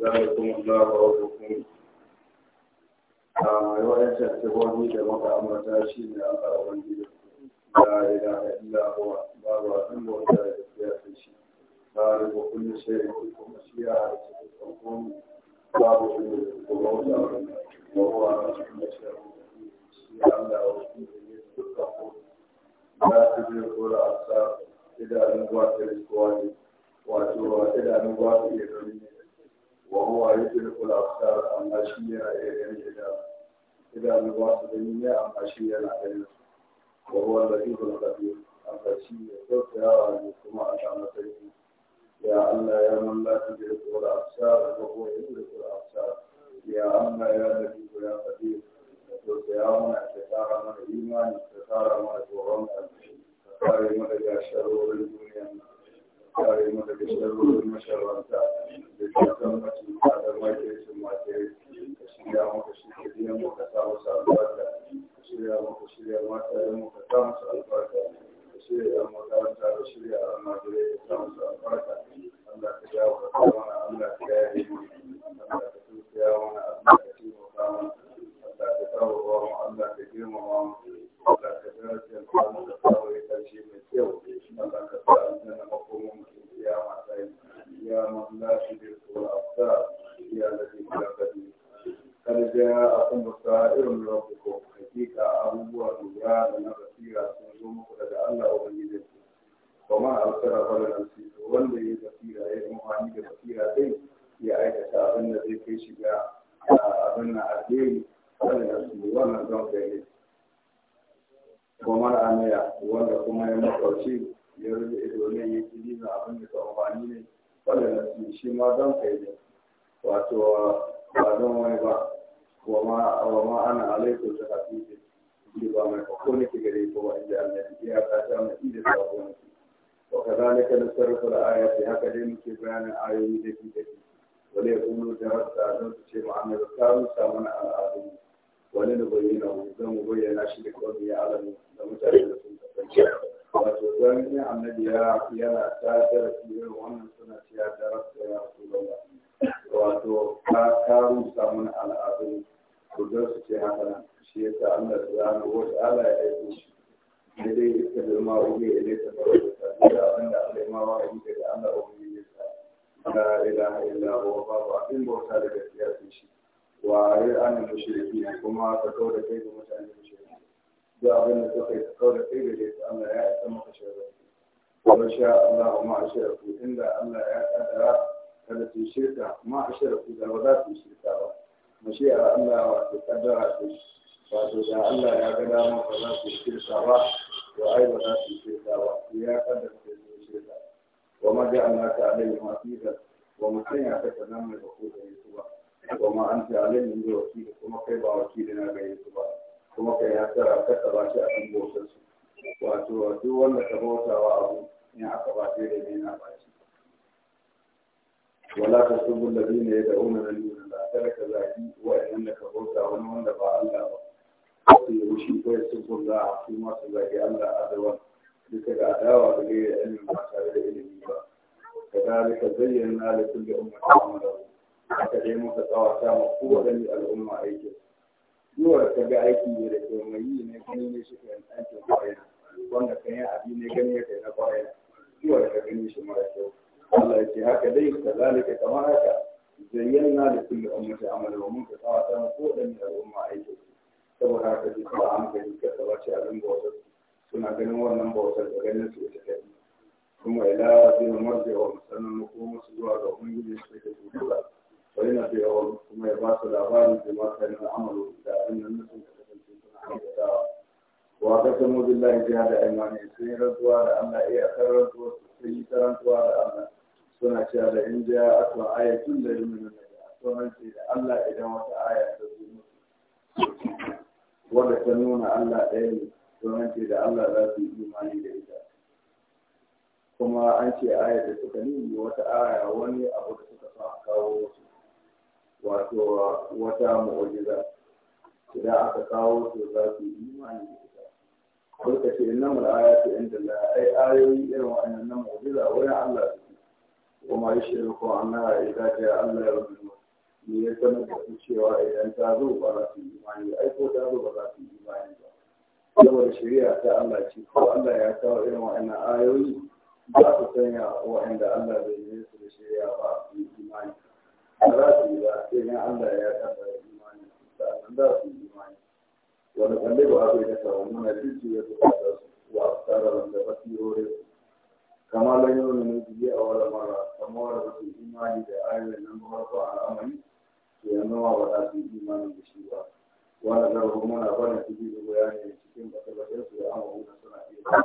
ذلكم الله ربكم yawancin tsibirai da maka amurta shi ne a ƙarfin gida da ila ila wa ba ba ɗin bauta da tafiya ta shi ba da ba kullum sai da kuma shi babu bauta a shi ne a sa وهو يدرك الأبصار أما شيء يعني إذا إذا بواسطة الدنيا أما شيء يعني وهو اللطيف الخبير أما شيء قلت يا ربكم أشعر سيدنا يا الله يا من لا تدرك الأبصار وهو يدرك الأبصار يا الله يا لطيف يا خبير قلت يا رب كثارا من الإيمان كثارا من القرآن كثارا من الشرور الدنيا kare mu daga da ke tabbacin tsadar ka shirya da shirya girmama mai kyau يا مسعيد يا من لا تدرك الابصار يا الذي خلق قد جاءكم بصائر من ربكم حقيقة أبوه الرجال أن بصيرة سنزوم قد الله وبنيته وما أبصر فلا نسيت والذي بصيرة أي مهاني بصيرة دي يا أي تشابن الذي في شجاع أبن أدين فلا نسيت ونزوم بينه وما أنا يا ولا كما يمكن شيء يرجع ma don kai ne wato ba don wani ba wa ma ana alaikum ta hafizi ji ba mai ko ne ke gare ko inda annabi ya ta ta mai idan ta ko wa kadalika nasarfu aya ayati haka dai muke bayanin ayoyi da ke da wale kuma da rasta don su ce ma da ta rusa mana al'adu wani da bayyana mu zan mu bayyana shi da kawai ya alamu da mutane da sun kasance wato don yin annabi yana ta darasi irin wannan suna ce ya darasta ya rasulullah wato ka karu samun al'adun to don su ce haka nan shi ya sa Allah su zama wata Allah ya aiko shi da dai iska da ma wuge ya ne ta fara da da abin da Allah ma wa yi daga Allah wa yi ne ta la ilaha illa huwa babu abin bauta da gaskiya sai shi wa ari an mushriki kuma ka kawo da kai ga mutane mushriki da abin da suka yi kawai da kai gare su Allah ya isa maka shirarsu wa sha Allah ma a shirarku inda Allah ya kaddara kada su shirka ma a shirarku da ba za su shirka ba mashi'ar Allah wato kaddara su wato da Allah ya ga dama ba za su shirka ba to ai ba za su shirka ba ya kaddara su shirka wa ma ja'alnaka alaihim hafiza wa ma sanya ka kana mai hukunta yusuba وما أنت عليهم بوكيل وما كيف وكيلنا بيتبا وما كيف ترى aka ba shi abin bautar su wato duk wanda ka bautawa abu in aka ba shi da ne na ba shi wala ta subu ladina yad'una min dunillah kada ka zaki wa in da ka bauta wani wanda ba Allah ba ko ya wuce ko ya subu da su ma su zaki Allah azawan duka da adawa da ne ilmin ba tare da ilimi ba كذلك زينا لكل أمة عمله haka dai muka tsawata ma kowane al'umma aikinsu zuwa ka ga aiki ne da ke mai yi ne gani ne shi kan aikin kwarai wanda kan yi abi ne gani ya kai na kwarai ta ka gani shi mara kyau Allah ya ce haka dai ka ka kamar haka zayyana da kulli ummata amalu wa mun ka ta ko da al'umma aiki saboda haka duk ba an gani ka wace abin bautar suna ganin wannan bautar da ganin su ita kai kuma ila zai marji'a wa mu ko musu zuwa ga ubangiji su take dogara وإن في أول ثم يبعث الأغاني بما كان العمل إلا أن النسل وأقسموا بالله جهاد أيمانهم سير الدوار أن إيه أخر الدوار سيسر الدوار أن سنة شهد إن جاءكم آية لا يؤمنون بها سنة الله إذا وقت آية wadda ta nuna Allah ɗaya ومن domin ce da Allah za su kuma an ce aya da suka nuni wata aya wani abu da suka sa kawo wasu wato wata mu'ujiza idan aka kawo su za su yi imani da ita ko ka ce inna mul ayatu inda la ai ayoyi irin wannan na mu'ujiza wurin Allah su ko ma yi shirin ko an na ita ce Allah ya rubuta ni ya sanar da su cewa idan ta zo ba za su yi imani ai ko ta zo ba za su yi imani ba saboda shari'a ta Allah ce ko Allah ya kawo irin wannan ayoyi ba su sanya wa'anda Allah bai yi su da shari'a ba su yi imani ba za su yi ba sai na Allah ya tabbata imani sannan za su yi imani wani kalle ba zai da kawo muna jinci ya zuba da su wa tsara da basirorin su kamar lanyar da mutu biya a wani mara kamar da su imani da ayoyin nan farko a al'amari to yanzu ma ba za su yi imani da shi ba wani zarafin muna bane su bi da ne cikin basabatar su da amuru da suna iya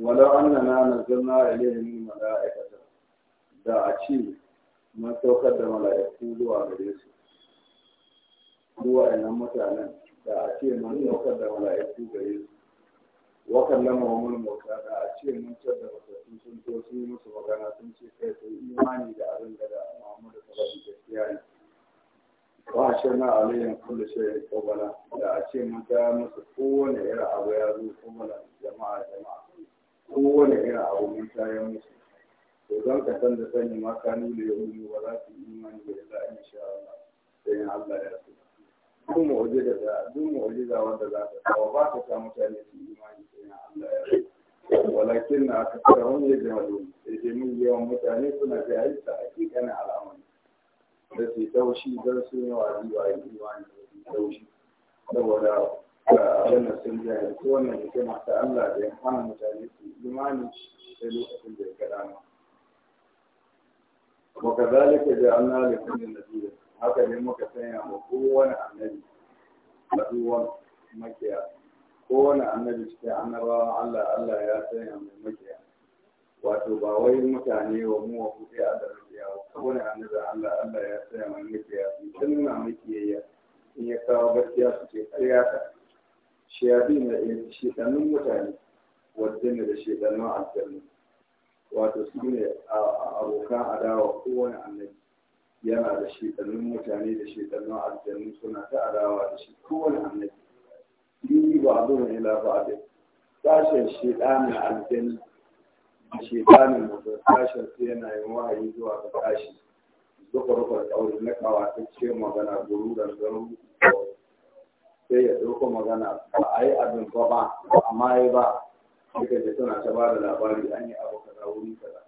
ولو أننا نزلنا إليهم الملائكة da a ce mun saukar da mala'iku zuwa gare su zuwa ina mutanen da a ce mun saukar da mala'iku gare su wakan kallama wa mun mota da a ce mun tar da mutattu sun to sun yi musu magana sun ce kai sai imani da abin da Muhammadu sallallahu alaihi wasallam ya wa na alayhim kullu shay'in qawla da a ce mun ta musu kowane irin abu ya zo kuma jama'a jama'a kowane irin abu mun tayar musu to zan ka san da sani ma kanu da yahudu ba za su yi imani da illa in sha Allah sai in Allah ya so duk waje da duk mu'jiza wanda za ka kawo ba ta sa mutane su imani sai in Allah ya so walakin na aka fara wani ya jama domin sai dai mun yawan mutane suna ga yadda hakikanin al'amari da su taushi don su yi wa riwa yi imani da su taushi saboda wannan ah, sun jaya wannan hikima ta Allah da ya hana mutane su imani sai lokacin da ya ga dama وكذلك جعلنا لكل نبي هذا يوم كثيرا وقوة عمل وقوة مكيا قوة النبي استعنا على ألا يا سيدنا من مكيا وتوبا ويمكاني ومو في هذا المكيا وقوة النبي على ألا يا سيدنا من مكيا في كل ما مكيا يا إن يكتبت في سيدنا يا سيدنا شيابين الشيطان المتاني والدنيا الشيطان ما عدتني wato su ne abokan adawa kowane annabi yana da shekarun mutane da shekarun aljannu suna ta adawa da shi kowane annabi yi ba a zuwa ila ba a dai sashen shekarun aljanu da shekarun mutum sashen su yana yin wahayi zuwa ga sashi zuwa tsauri na kawatacce magana da zaru sai ya ɗauko magana ba a yi abin ba ba amma yi ba duka da suna ta ba da labari an yi abu A wuri kaza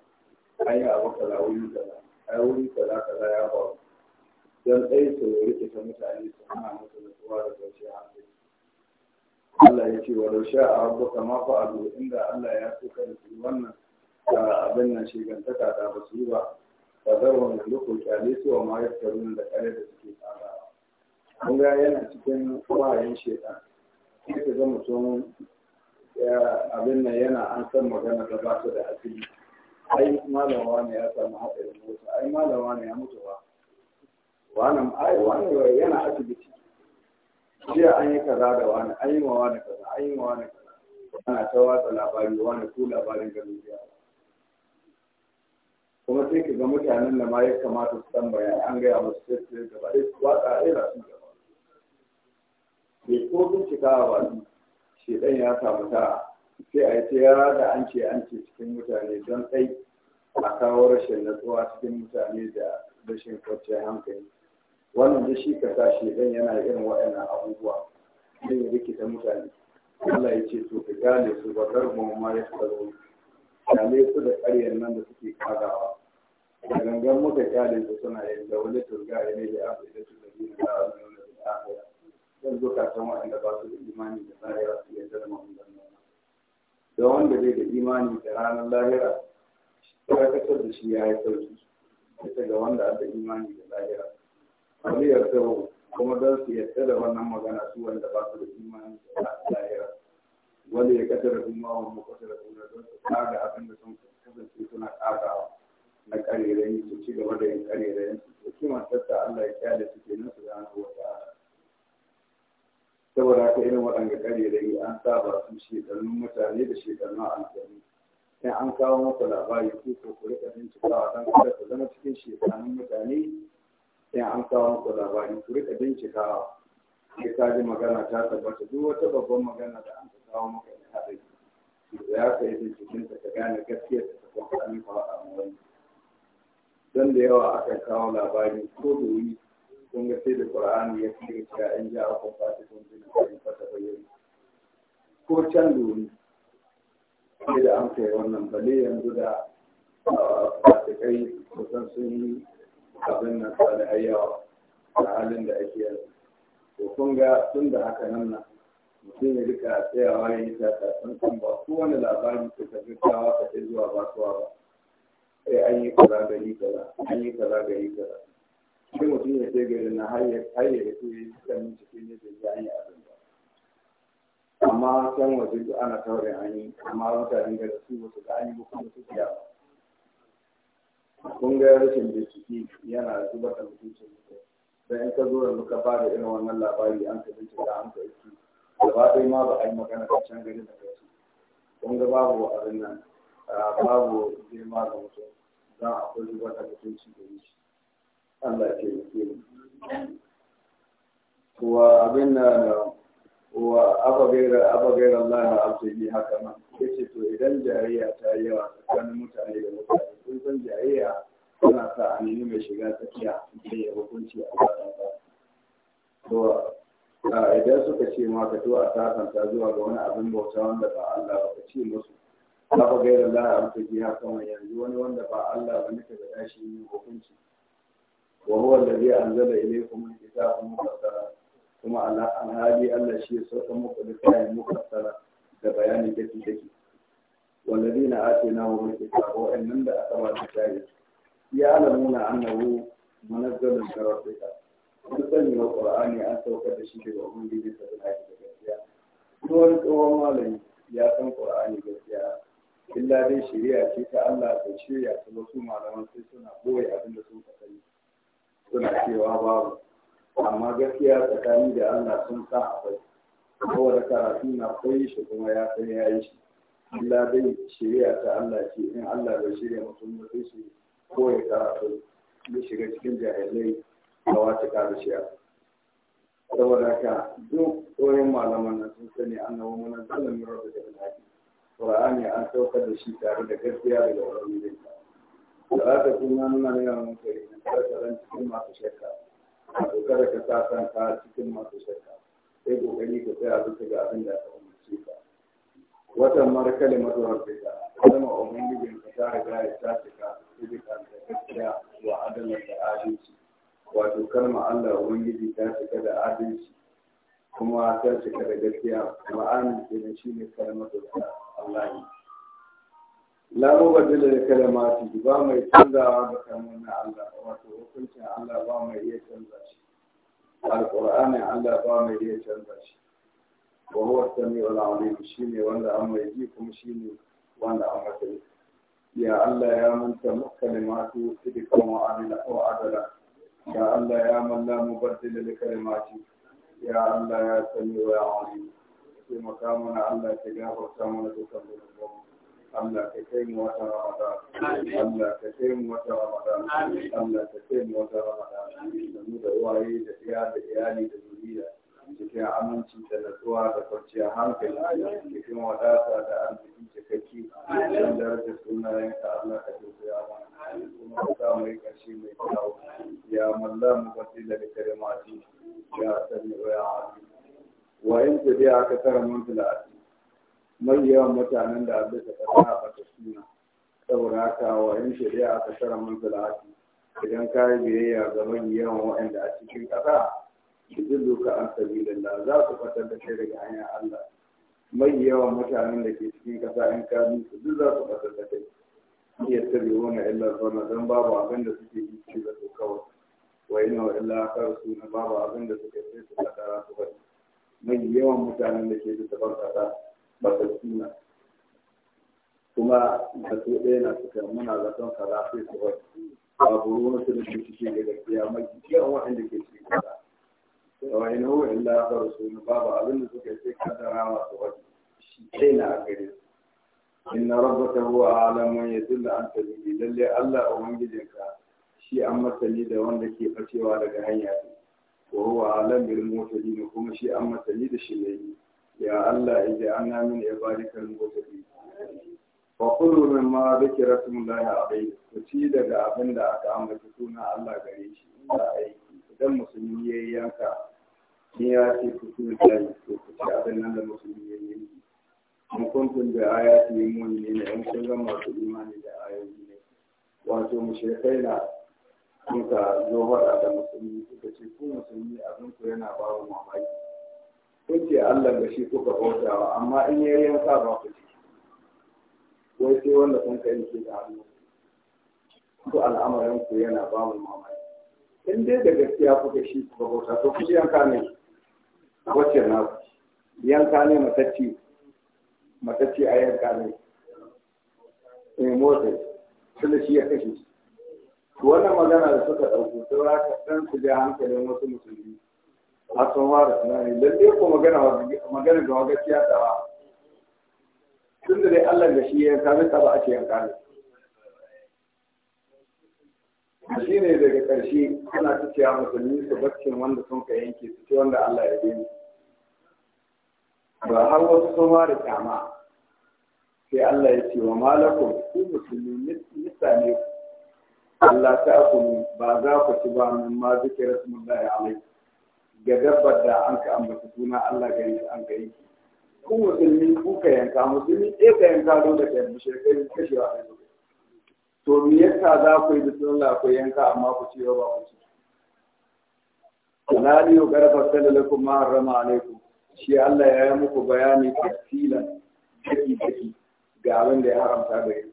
ai abu kaza wuri kaza wuri kaza kaza ya faru don tsaye su rike ta mutane su hana musu nutsuwa da kwanciyar hankali Allah ya ce walau sha a abu kama fa abu inda Allah ya so kada su wannan abin nan shigantaka ta ba su yi ba ba zar wannan kyale su wa ma da kare da suke ba Mun ga yana cikin wahayin shaitan. Sai ka zama tsohon. abin nan yana an san magana da ba su da asiri ai malama ne ya samu haɗarin mota ai malama ne ya mutu ba wannan ai wani yana asibiti jiya an yi kaza da wani an yi ma wani kaza an yi ma wani kaza ana ta watsa labari wani ku labarin garin jiya kuma sai ka ga mutanen da ma ya kamata su san bayan an gaya musu sai su gaba ɗaya watsa a ira sun gaba bai ko bincikawa ba su shedan ya samu ta sai a yi ta da an ce an ce cikin mutane don tsai a kawo rashin natsuwa cikin mutane da rashin kwanciyar hankali wannan da shi ka sa shedan yana irin waɗannan abubuwa zai rikita mutane Allah ya ce to ka gane su ba kar mu ma ya tsaro ne su da ƙaryar nan da suke kagawa da gangan muka kyale su suna yin da wani turga ne da abu da su da biyu da abu da su zan zo kasan waɗanda ba su da imani da lahira su yadda da mahimman nuna da wanda bai da imani da ranar lahira dakatar da shi ya yi sauki ita ga wanda da imani da lahira wani yarda kuma don su yarda da wannan magana su wanda ba su da imani da lahira wanda ya kasar da kuma wani makasar da kuma don su kaga abin da sun kasance suna kagawa na karerayi su ci gaba da yin karerayen su su kima tattara Allah ya kyale su kenan su gano wata saboda haka irin waɗanda ƙarye da yi an saba su shekarun mutane da shekarun alƙari sai an kawo maka labari ko ko ku rika bincikawa don kada ku zama cikin shekarun mutane sai an kawo maka labari ku rika bincikawa sai ka ji magana ta tabbata duk wata babban magana da an kawo maka ne haɗari da ya kai bincikin ta ka gane gaskiyar ta kuma ka amince wa wani don da yawa akan kawo labari ko da wani. kun ga sai da qur'ani ya fi ga in ja a kun fata kun ji kun fata bayyana ko can doni sai da an kai wannan bale yanzu da fata kai kusan sun yi abin nan da ayyawa a halin da ake yanzu to kun ga da nan na mutum ya rika tsayawa ya yi tata sun san ba kowane labari ka tafi kawa ka zuwa ba ba sai an yi kaza gari kaza an yi kaza gari kaza sai mutum ya sai gari na har ya rasu ya yi sannin ciki ne da ya yi abin ba amma san waje duk ana taure an amma mutanen gari su ba su ga an yi ba kuma su biya ba kun ga rashin bincike yana zubar da mutuncin mutum sai in ka zo da muka ba da irin wannan labari an ka bincika an ka iski gaba ɗaya ma ba a yi magana da can gari da kai kun ga babu abin nan babu girma da mutum don akwai zubar da mutunci da yi shi Allah ya taimake mu wa abin na wa abagaira abagaira Allah na abdullahi haka nan ce to idan jariya ta yi yawa tsakanin mutane da mutane kun san jariya tana sa a nemi mai shiga tsakiya da ya hukunci a bayan ba to idan suka ce ma ka to a sasanta zuwa ga wani abin bauta wanda ba Allah ba ka ce musu abagaira Allah na abdullahi haka nan yanzu wani wanda ba Allah ba nika da shi yin hukunci wa huwa alladhi anzala ilaykum alkitaba mufassala kuma ala alhadi Allah shi ya sauka muku da kayan mufassala da bayani dake dake walladina atainahum alkitaba wa annam da aka ba su shari ya'lamuna annahu munazzalun min rabbika duk sanin qur'ani an sauka da shi daga ubangiji ta da gaskiya duwan tsohon malami ya san qur'ani gaskiya illa dai shari'a ce ta Allah da shari'a ta wasu malaman sai suna boye abinda da sun sani suna cewa babu amma gaskiya tsakani da Allah sun sa akwai kowane karatu na koyi shi kuma ya san ya yi shi illa dai shirya ta Allah ce in Allah bai shirya mutum da sai shi koyi karatu da shiga cikin jahilai a wata karshiya saboda haka duk koyon malaman nan sun sani an annabawa mana zalamin rabu da bilhaki ƙura'ani an saukar da shi tare da gaskiya daga wurin talata suna nuna yawan mutane karkaran cikin masu shakka A dokar ka sa kanka cikin masu shakka sai kokari ka tsaya bisa ga abin da aka umarci ka watan mara kalimatu rabbika kalma ubangijin ka ta riga ya ta cika fizika da gaskiya wa adalar da adalci wato kalma Allah ubangiji ta cika da adalci kuma ta cika da gaskiya ma'anin ne shine kalmatu Allah ne la mubaddila da kalamati ba mai canza canzawa ga na Allah wato hukuncin Allah ba mai iya canza shi alqur'ani Allah ba mai iya canza shi wa huwa samiul alim shine wanda an mai ji kuma shine wanda an mai ya Allah ya manta kalimatu sidqan wa adala wa adala ya Allah ya man la mubaddila da kalimati ya Allah ya samiul alim sai makamuna Allah ya gafarta mana dukkan mu. Allah ka kai mu wata Ramadan Allah ka kai mu wata Ramadan Allah ka kai mu wata Ramadan da mu da waye da iya da iyali da zuriya cikin aminci da natsuwa da kwanciyar hankali cikin wadata da arziki cikakki don darajar sunayenka Allah ka tausaya mana kuma ka sa mu yi ƙarshe mai kyau ya malla mu kwasi da karimati ya sani wa ya azi wa in tabi'a aka tara mun fil mai yawan mutanen da abin da kasa a ƙasar suna saboda haka wa yin shari'a a kasar manzalati idan ka yi biyayya ga mai yawan waɗanda a cikin ƙasa cikin doka an sabi da za su fatar da shi daga hanyar Allah mai yawan mutanen da ke cikin ƙasa in ka bi su duk za su fatar da kai iya tabi wani illar zama don babu abin da suke yi ci da su kawai wa yana illa kar su na babu abin da suke sai su kadara su bari mai yawan mutanen da ke da tabar ƙasa suna, kuma da su ɗaya na suka muna zaton kaza sai su a babu ruwan su da ke cikin da gaskiya mafi wa'in da ke cikin kaza da wani hau illa ya faru su babu abin da suka sai kaddarawa su wani shi ɗaya na gare su inna ruwa a alamun ya zilla an tabi lalle Allah wangijinka shi an masani da wanda ke fashewa daga hanya ne wa a alamun motsa mutadin kuma shi an masani da shi yi. يا الله اجعلنا من عبادك المتقين وقلوا مما ذكر اسم الله عليه وتيدا da abin da aka ambaci suna Allah gare shi inda aiki idan musulmi yayi yanka ni ya ce ku tuna dai to ku ci abin nan da musulmi yayi yanki mun kuntun da ayati mun ne ne an kun ga masu imani da ayoyi ne wato mushrikai na suka zo faɗa da musulmi suka ce ku musulmi abin ku yana ba mamaki kuke Allah da shi kuka bautawa amma in ya yanka ba ku ci wai sai wanda kun kai ke da hannu ku al'amarin ku yana ba mu mamaye in dai da gaskiya kuka shi kuka bauta to ku yanka ne wacce na ku yanka ne matacci matacci a yanka ne in eh, motsa da shi ya kashe wannan magana da suka ɗauko sauraka ɗan su ja hankalin wasu musulmi A sun fara tunani lalle ko magana magana da wagaciya ta ba tun da dai Allah da shi ya kame ta ba a ce yanka ne shi ne daga ƙarshe ana ta cewa musulmi su baccin wanda sun ka yanke su ce wanda Allah ya gani ba har wasu sun fara kyama sai Allah ya ce wa malakum ku musulmi mutane Allah ta ku ba za ku ci ba min ma zikirar sun da ya alaikum ga dabbar da an ka ambata suna Allah ga yi an ka yanki ku musulmi ku ka yanka musulmi ɗaya ka yanka don da kai mushrikai kashewa ɗaya ne to me yasa za ku yi da bismillah ku yanka amma ku ce ba ku ci alali wa garfa sallallahu ma harrama alaikum shi Allah ya yi muku bayani tafsilan daki daki ga abin da ya haramta ga ku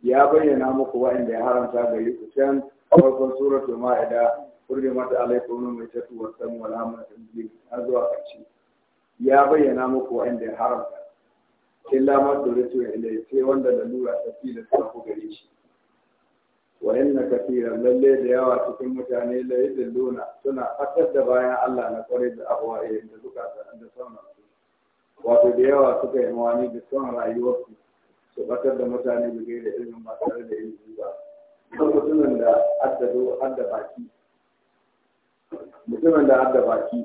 ya bayyana muku da ya haramta gare ku can farkon suratul ma'ida kulle mata alaikonu mai tattu wa san wala mai tambayi har zuwa ƙarshe ya bayyana muku wanda ya haramta illa ma dole to ya ilai sai wanda lura ta fi da ta ku gare shi wa inna kathira lalle da yawa cikin mutane la yadalluna suna fatar da bayan Allah na kware da ahwaye da zukata da sauna wato da yawa suka yi wani da son rayuwarsu su fatar da mutane da gaira irin ba tare da yin ba kan mutumin da addado adda baki mutumin da har baki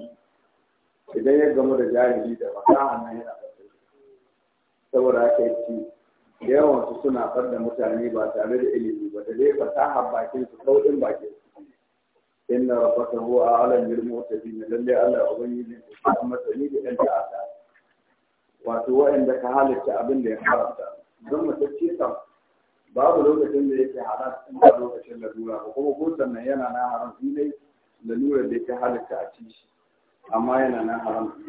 idan ya gamu da jahili da fasaha nan yana fasir saboda haka yace da yawan su suna da mutane ba tare da ilimi ba da dai fasaha bakin su sauɗin bakin su inna rabbaka huwa a'lam bil mu'tadin lalle Allah ubangiji ne ko matsayi da yan ta'ata wato wa'anda ka halitta abin da ya haramta don tafi sam babu lokacin da yake haram in ba lokacin lalura ba kuma ko sannan yana na haram dai lalura da ta halitta a ci shi amma yana nan haram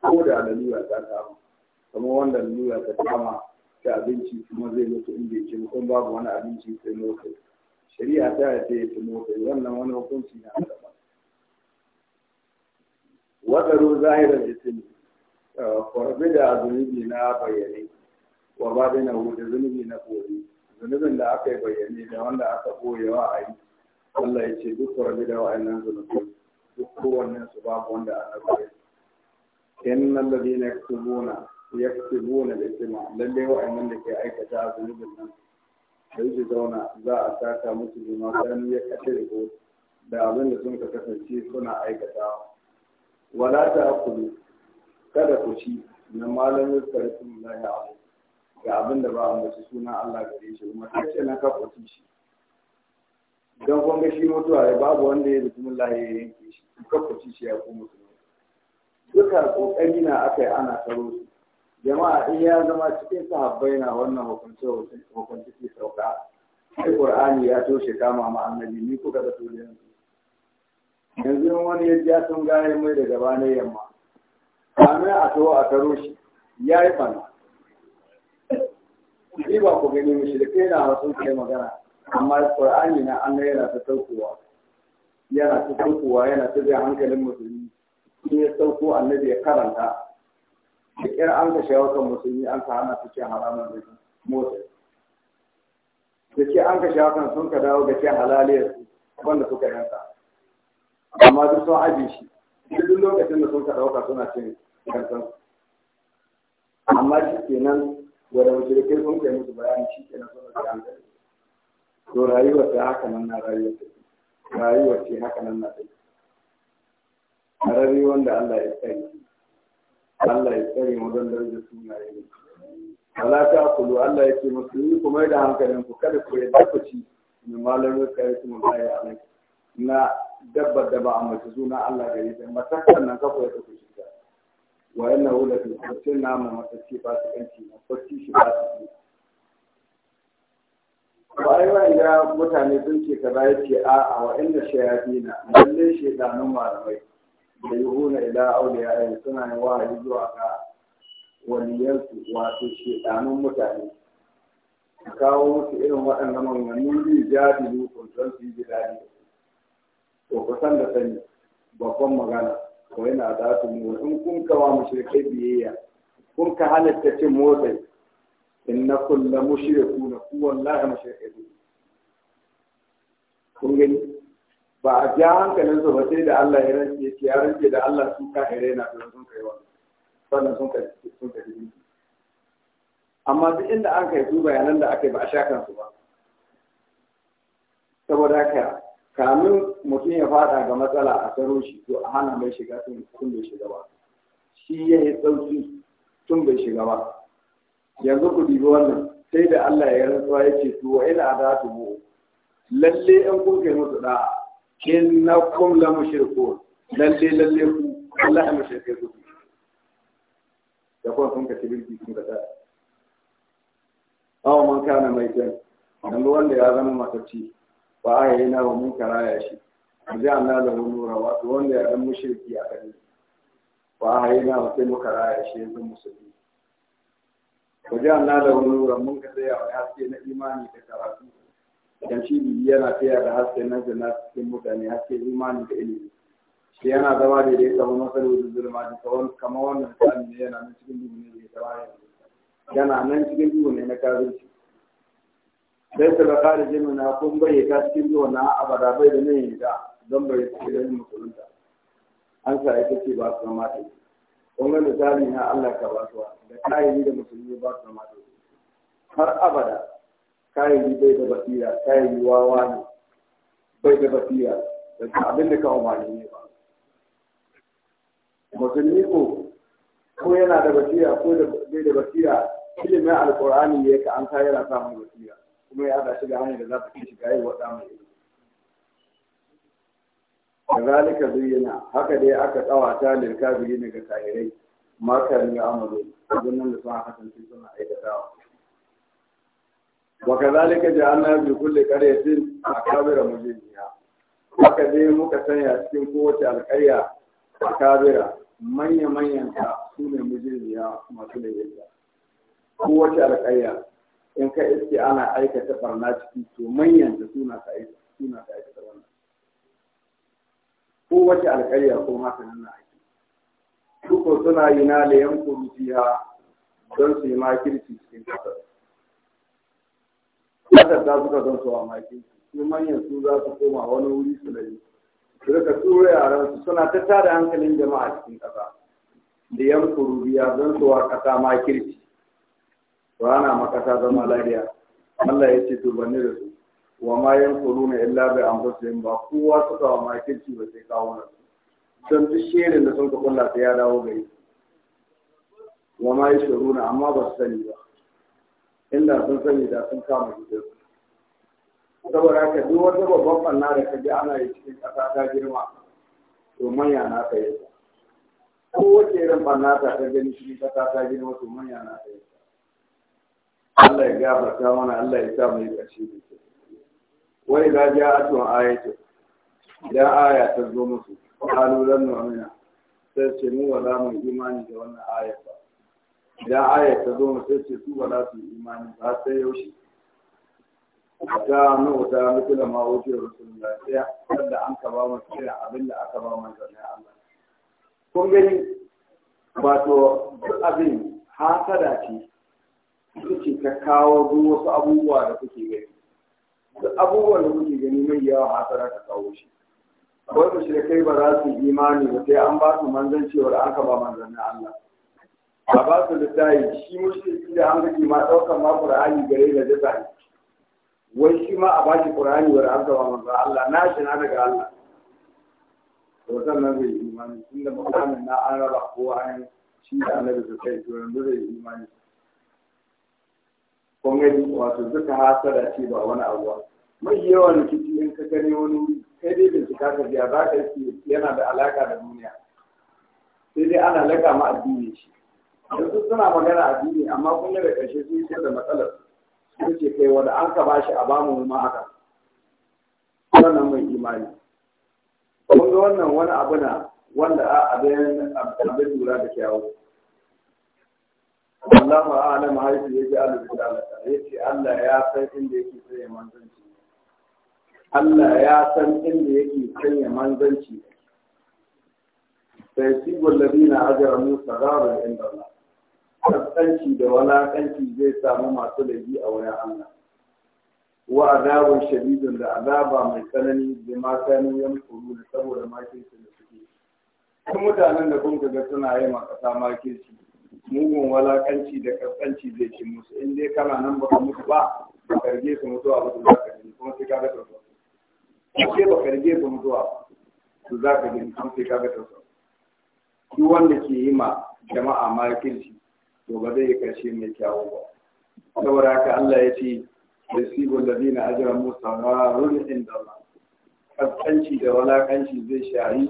ko da lalura ta kama kuma wanda lalura ta kama ta abinci kuma zai mutu inda ya ce babu wani abinci sai motsai shari'a ta ya ce ya ci wannan wani hukunci na daban watsaro zahirar ne eh, kwarbi da zunubi na bayyane wa babu na hudu zunubi na kori zunubin da aka yi bayyane da wanda aka koyewa a yi Allah ya ce duk rabi da wa'annan zunubi duk kowanne su ba wanda an nakwai nan da ya fi Buna da isma lalle wa'annan da ke aikata a zunubin nan sai su zauna za a saka musu jima kan ya kace da abin da sun ka kasance suna aikatawa wala ta kulu kada ku ci na malamin karfin lahi abu ga abin da ba a mace suna Allah gare shi kuma kace na kafa shi don kun shi mutuwa ya babu wanda ya bismillah ya yanke shi kakkaci shi ya kuma su duka kokari na aka yi ana taro su jama'a in ya zama cikin habbai na wannan hukunci hukunci ke sauka sai qur'ani ya toshe kama ma annabi ni kuka da to yanzu yanzu wani ya ja sun gaya mai da gabanin yamma kamin a to a taro shi ya yi bana ni ba ku gani mishi da kai na wasu kai magana amma qur'ani na an yana ta saukowa yana ta saukowa yana ta jan hankalin musulmi in ya sauko annabi ya karanta da kyar an ka shawakan musulmi an ka hana su ce haramun da motsa da ke an ka shawakan sun ka dawo ga cin halaliyar su wanda suka yanka amma duk sun ajiye shi duk lokacin da sun ka dauka suna cin yankan amma shi kenan wadda mushrikai sun kai musu bayani shi kenan sun ka hankali to rayuwar ta haka nan na rayuwar ta rayuwar ce haka nan na ta karari wanda Allah ya tsari Allah ya tsari wajen daraja sunaye ne wala ta kulu Allah ya ce musu yi kuma da hankalin ku kada ku yadda ku ci min malamin kare su mun tsaye a nan na dabbar da ba a mace suna Allah yi ta matakan nan kafa ya tafi shiga wa yana wula fi kwacin namun matacce ba su kanci na kwacin shi ba su kanci bayan wanda mutane sun ce ka bayan ce a a wa'inda shayafi na lalle shaidanun malamai da yi huna ila ya yi suna yin wahayi zuwa ga waliyansu wato shaidanun mutane a kawo musu irin waɗannan manganin bi jadi ne don su yi gida to san da sani babban magana ko yana za su mu in kun kawa mushrikai biyayya kun ka halatta cin motsai inna kulla mushrikuna ku wallahi mushrikin kun gani ba a ja hankalin su ba sai da Allah ya rance ce ya rance da Allah su ka hire na sun sun kai wa sannan sun kai sun kai amma duk inda an kai su bayanan da aka yi ba a shakan su ba saboda haka kamin mutum ya fada ga matsala a tsaro shi to a hana mai shiga tun bai shiga ba shi ya yi tsauki tun bai shiga ba yanzu ku dibi wannan sai da Allah ya rantsuwa ya ce to ina adatu mu lalle in kun kai musu da innakum la mushrikun lalle lalle ku Allah ya mushrike ku da kuma sun ka tibirki sun ka tsaya awa man kana mai jan yanzu wanda ya zama matacci ba a yi na wa mun karaya shi a ji an nada wani nura wato wanda ya zama mushriki a gari ba a yi na wa sai mu karaya shi yanzu musulmi waje Allah da wani wurin mun ka tsaya a haske na imani da karatu dan shi yana tsaya da haske na zina cikin mutane haske imani da ilimi shi yana zama da dai kamar masalolin zulma da tsawon kamar wannan tsari ne yana nan cikin duhu ne da ya zama yana nan cikin duhu ne na kafirci sai su ga kare jini na kun bai ta cikin duhu na abada bai da nan yi da don bai cikin musulunta an sa ita ce ba su zama kamata kuma misali na Allah ka basuwa da kayayi da musulmi ba su ma har abada kayayi bai da basira yi wawa ne bai da basira da abin da ka umarni ne ba musulmi ko ko yana da basira ko bai da basira ilimin alkur'ani ya ka an kayar sa samun basira kuma ya ada shi da hanyar da za ta kai shiga yi waɗa mai kazalika zuyina haka dai aka tsawata biyu ne ga kafirai maka ne ya amuru a gudunan da sun kasance suna aikatawa wa kazalika kulle fi kulli qaryatin akabira mujriya haka dai muka sanya cikin kowace a Kabira, manya manyan ta su ne mujriya masu laifinta kowace alƙarya in ka iske ana aikata barna ciki to manyan ta suna ta aikata wannan ko wace alƙarya ko haka nan aiki. duko suna yi na da layan kuruciya don su yi makirci cikin ƙasar ƙasar ta suka zan suwa a makirci su manyan su za su koma wani wuri su lai su rika tura yaran su suna ta tada hankalin jama'a cikin ƙasa da yan kurubiya don su kasa ƙasa makirci to ana makasa zama lariya Allah ya ce to bani da su wa ma yankuruna illa bi yin ba kowa suka wa makirci ba sai kawo su don duk shirin da sun ka kulla sai ya dawo gari wa ma na amma ba su sani ba inda sun sani da sun kama su saboda haka duk wata babban fanna da ka ji ana yi cikin ƙasa ta girma to manya na ka yi ta kowace irin fanna ta ta gani cikin ƙasa ta girma to manya na ka yi ta Allah ya gafarta mana Allah ya sa mu yi ƙarshe da shi. wai za ja a tuwa ayatu idan aya ta zo musu kalu lan nu'mina sai ce mu ba za mu imani da wannan ayat ba idan aya ta zo musu sai ce su ba za su imani ba sai yaushe ta da mutum ma wuce rasulullah sai da an ka ba mu sai abin da aka ba mu da Allah kun gani wato duk abin hasada ce ita ce ta kawo duk wasu abubuwa da kuke gani duk abubuwan da kuke gani mai yawa hasara ta kawo shi akwai mushrikai ba za su yi imani ba sai an ba su manzan cewar aka ba manzan na Allah ba ba su littafi shi mushriki da an gaji ma ɗaukar ma Qur'ani gare da jasa wai shi ma a ba shi Qur'ani wa an ba manzan Allah na shi na daga Allah to sannan zai imani tunda mutanen na an raba kowa an shi da Allah da sai to zai yi imani kun gani wato duka hasara ce ba wani abu ba mai yawan rikici in ka gani wani sai dai bincika ka biya za ka yi yana da alaka da duniya sai dai ana laka ma addini shi yanzu suna magana addini amma kun da ƙarshe sun yi da matsalar sun ce kai wanda an ka bashi a bamu ma haka wannan mai imani kun ga wannan wani abu na wanda a abin abin lura da kyawu Allah ma alam haifu ya ji alu bilalata ya ce Allah ya san inda yake sanya manzanci Allah ya san inda yake sanya manzanci sai shi wallabi na ajiyar musa da inda Allah kaskanci da walakanci zai samu masu laifi a wayan Allah wa azabun shadidun da azaba mai tsanani da makanu yan kuru da saboda makinsu da suke kuma mutanen da kun ga suna yi makasa makinsu mugun walakanci da kaskanci zai ce musu in dai kana nan baka mutu ba ba karge su mutu ba wasu za gani kuma sai ka ga tausa ko ba karge su a su za gani kuma sai ka ga tausa Ki wanda ke yi ma jama'a makirci to ba zai yi karshe mai kyawu ba saboda haka Allah ya ce yasibu alladhina ajramu sawarun inda ba. kaskanci da walakanci zai shari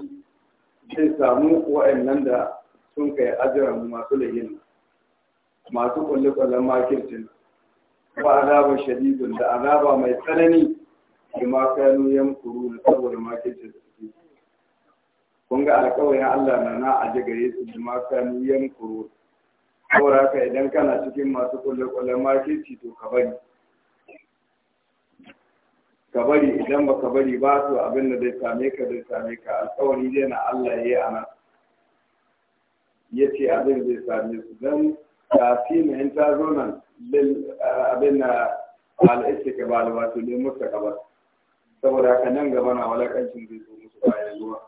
zai samu wa'annan da sun kai ajiyar masu layin masu kulle-kullen makircin ba azaba shadidun da azaba mai tsanani da makayanu yan kuru da saboda makircin da suke kun ga alkawarin Allah na na aje gare su da makayanu yan kuru saboda haka idan kana cikin masu kulle-kullen makirci to ka bari ka bari idan ba ka bari ba su abin da zai same ka zai same ka alkawari dai na Allah ya yi a nan ya ce abin zai same su don kafin in ta zo nan abin na al'aiki da wato ne musta kabal saboda haka nan gaba na walakancin zai zo musu bayan zuwa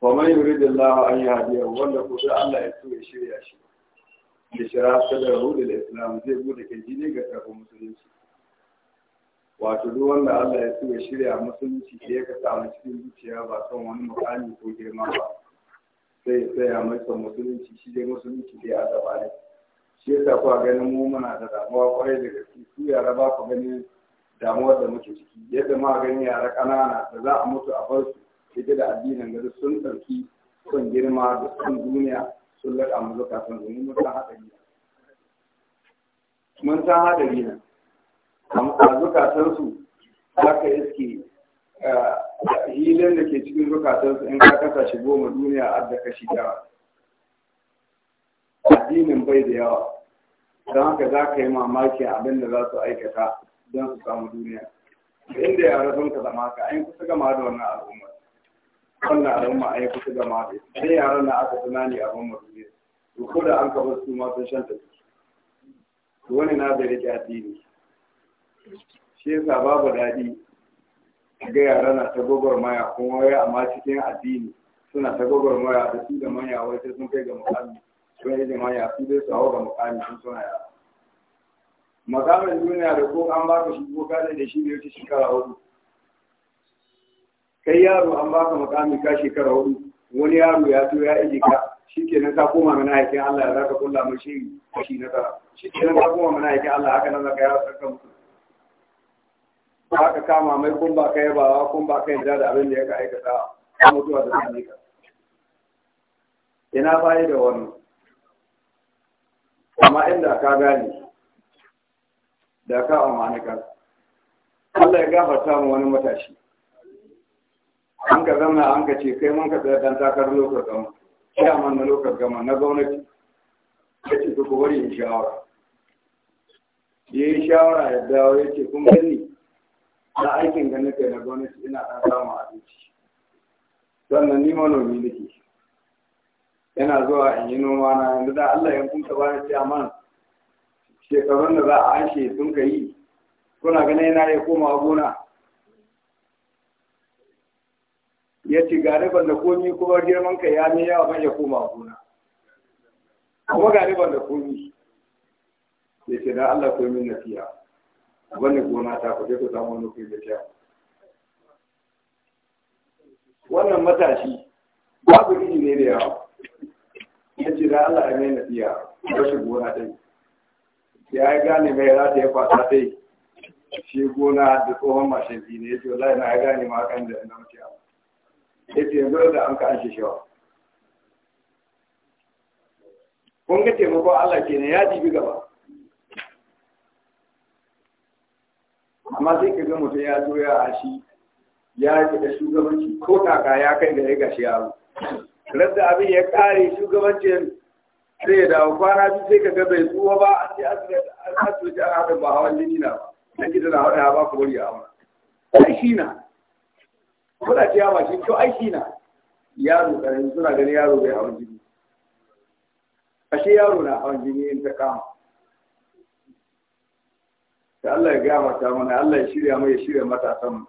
wa man da Allah an yahdiya wanda ko sai Allah ya tsoye ya shirya shi da shira sadaru da Islam zai bude kanji ne ga karfin musulunci wato duk wanda Allah ya tsoye ya shirya musulunci da ya ka samu cikin zuciya ba son wani mukami ko girma ba sai sai ya mai musulunci shi dai musulunci dai a gaba ne shi yasa kuwa ganin mu muna da damuwa kwarai da gaske su yara ba ku ganin damuwar da muke ciki yadda ma ganin yara ƙanana da za a mutu a bar su ita da addinin gari sun ɗauki son girma da son duniya sun laƙa mu zuka sun zuni mun san haɗari mun san haɗari nan a za ka iske hilin da ke cikin zukatansu in ka kasa shi goma duniya adda kashi yawa addinin bai da yawa don haka za ka yi mamaki abin da za su aikata don su samu duniya inda yara sun ka zama ka an kusa gama da wannan al'umma wannan al'umma an yi kusa gama da sai yaran na aka tunani a ban duniya to ko da an kaba su ma sun shanta su wani na da rike addini shi yasa babu daɗi ga yara na ta gwagwarmaya kuma waya amma cikin addini suna ta gwagwarmaya da su da manya wai sai sun kai ga mukami sun yi jama'a su dai su hau ga mukami sun suna yara makamin duniya da ko an baka shi ko kada da shi ne wata shekara hudu kai yaro an baka makami ka shekara hudu wani yaro ya to ya ije ka shi ke nan ka koma mana haifin Allah ya zaka kulla mai shi shi na tara shi ke nan ka koma mana haifin Allah haka nan zaka ya zaka mutu ba ka kama mai kun ba ka ba kun ba kai da abin da ya aikata a mutuwa da zai ka ina bayi da wani amma inda ka gani. da ka amana ka Allah ya gafarta mu wani matashi an ka zama an ka ce kai mun ka tsaya dan takarar lokacin gama chairman na lokacin gama na gwamnati ya ce ku bari in shawara ya yi shawara ya dawo ya ce kun gani na aikin da nake na gwamnati ina ɗan samun abinci sannan ni manomi nake yana zuwa in yi noma na yanzu da Allah ya kunta bayan man shekarun da za a anshe sun ka yi kuna ganin yana ya koma gona ya ci gariban da komi kuma girman ka ya ne yawa ban ya koma gona kuma gariban da komi ya ce da Allah komi na fiya wannan gona ta ku ku samu wani kuyi da kyau wannan matashi babu iri ne da yawa ya ce da Allah ya mai nasiya rashin gona ta yi ya yi gane mai rata ya fata ta yi shi gona da tsohon mashin ne ya ce wallahi na ya gane ma kan da na mutu ya ce yanzu da an ka an shi shawa kun ga taimakon Allah kenan ya jibi gaba amma sai ka ga mutum ya zo ya ashi ya yi da shugabanci ko kaka ya kai da ya gashi yaro rabda abin ya kare shugabancin sai ya dawo kwana biyu sai ka ga bai zuwa ba a sai asibiti ana haɗa ba hawan jini na ba na gida na haɗin ba ku wuri a wani ai shi na kuna ce yawa shi kyau ai shi na yaro ƙarfi suna ganin yaro bai hawan jini ashe yaro na hawan jini in ta kama da Allah ya gaya mata mana Allah ya shirya mai ya shirya matasan mu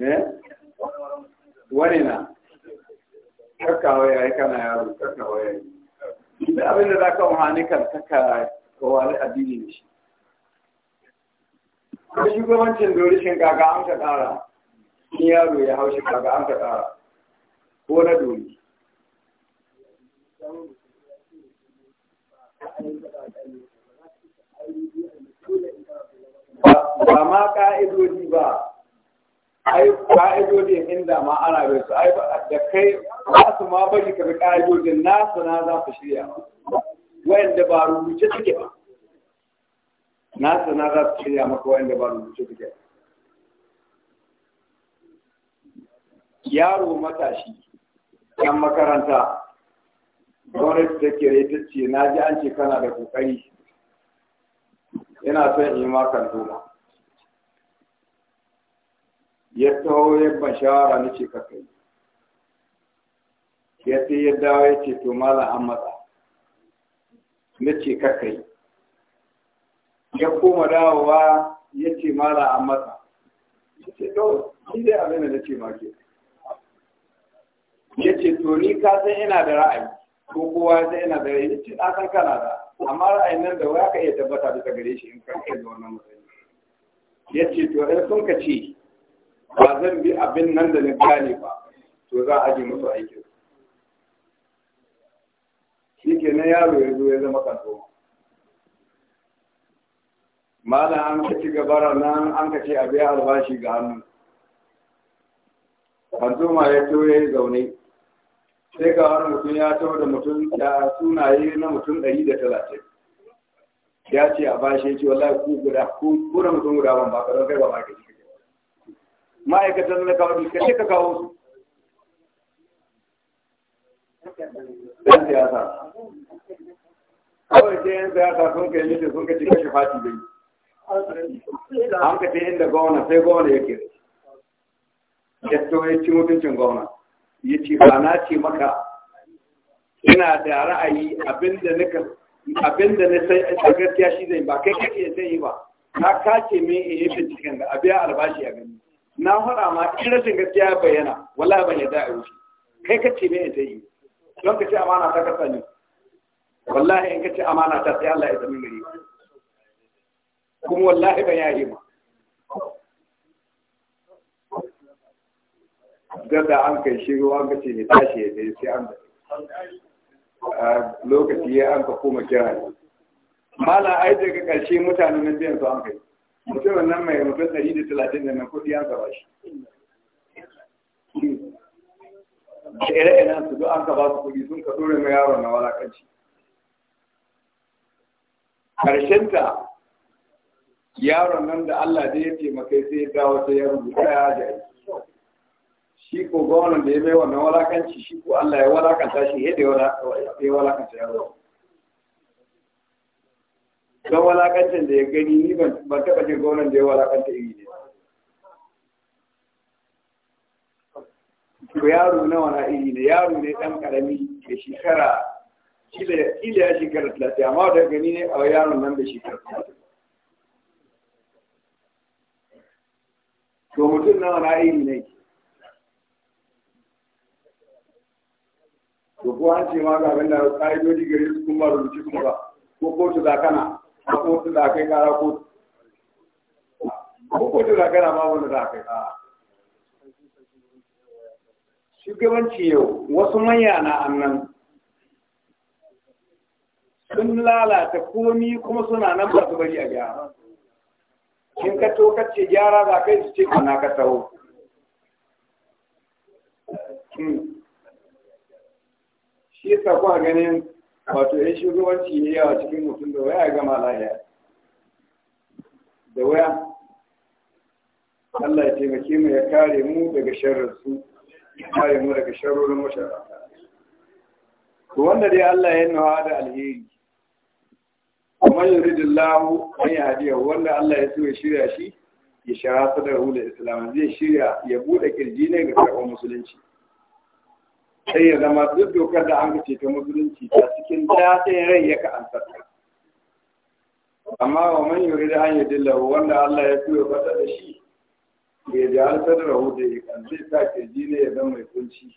eh wani na ya yayi kana yaro kakkawa yayi da abin da zaka wani kan kaka wani addini ne shi ko shugabancin dorishin kaka an ka tsara in yaro ya haushi kaka an ka tsara ko na dole? ba ma ka'idodi ba ai ka'idodin inda ma ana bai su ai da kai ba su ma bari ka bi ka'idodin nasu na za su shirya ba wayanda ba rubuce suke ba nasu na za su shirya maka wayanda ba rubuce suke ba yaro matashi ɗan makaranta gwamnati ta kere ta ce na ji an ce kana da kokari yana son yi makan doma ya taho ya ban shawara na ce yi ya ce ya dawo ya ce to malam an matsa na ce yi ya koma dawowa ya ce malam an matsa ya ce to shi dai abin da na ce ma ke ya ce to ni ka san ina da ra'ayi ko kowa sai yana da yi ci na kana da amma ra'ayin nan da waya ka iya tabbata bisa gare shi in kan kai da wannan matsayi ya ce to in sun ka ce ba zan bi abin nan da na gane ba to za a aje musu aikin shi ke na yaro ya zo ya zama kanto malam an ka ci gabara nan an ka ce a biya albashi ga hannu kanto ma ya to ya yi zaune sai ga wani mutum ya taho da mutum da sunaye na mutum ɗari da talatin ya ce a bashi ya ce wallahi ku guda ku kura mutum guda ban ba karon kai ba ma kai ma'aikatan na kawo duka ce ka kawo su ɗan siyasa kawai ce yan siyasa sun kai mutum sun kace kashe fati bai an ka ce inda gwamna sai gwamna yake ya to ya ci mutuncin gwamna ya ce ba na ce maka ina da ra'ayi abinda na na sai gaskiya shi zai ba kai kake zai yi ba na kace min in eh, yi binciken da abiya albashi a gani na hura ma in rashin gaskiya bayyana wala ban yadda a wuce kai kace me in sai yi don ka ce amana ta kasa ne wallahi in ka ce amana ta sai Allah ya zama gari kuma wallahi ban yaye ma don da an kai shi ruwa ga ce ne tashi ya dai sai an da lokaci ya an ka koma kira ne mala ai daga ƙarshe mutane nan biyan su an kai mutumin nan mai mutum ɗari da talatin da nan kuɗi an gaba shi da ire-iren su duk an ka ba su kuɗi sun ka ɗore mai yaro na walakanci ta yaron nan da Allah da ya makai sai ya dawo sai ya rubuta ya ji shi ko gwamnan da ya mai wannan walakanci shi ko Allah ya walakanta shi yadda ya walakanta ya zo don walakancin da ya gani ni ban taɓa jin gwamnan da ya walakanta iri ne to yaro nawa na iri ne yaro ne ɗan ƙarami da shekara kila ya shekara talatin amma da gani ne a yaron nan da shekara talatin to mutum nawa na iri ne to ko an ce ma ga abin da ƙa'idodi gari su kuma rubuci kuma ba ko kotu za kana ko kotu za kai kara kotu ko kotu za kana ma wanda za kai shugabanci yau wasu manya na annan sun lalata komi kuma suna nan ba su bari a gyara kin ka to kace gyara za kai su ce kana ka taho hmm. shi yasa kuwa ganin wato yan shugabanci ne yawa cikin mutum da waya gama lahiya da waya Allah ya taimake mu ya kare mu daga sharrarsu ya kare mu daga sharrorin masharata to wanda dai Allah ya nawa da alheri kuma yuridillahu an hadiya wanda Allah ya so ya shirya shi ya shara sadarhu da islam zai shirya ya bude kirji ne ga karɓar musulunci sai ya zama duk dokar da an ce ta musulunci ta cikin daɗin rai ya ka ansarta amma wa man yuri da an yi dillahu wanda Allah ya fiye fata da shi ya ji alfar rahu da ya kan zai sa ji ne ya zama mai kunci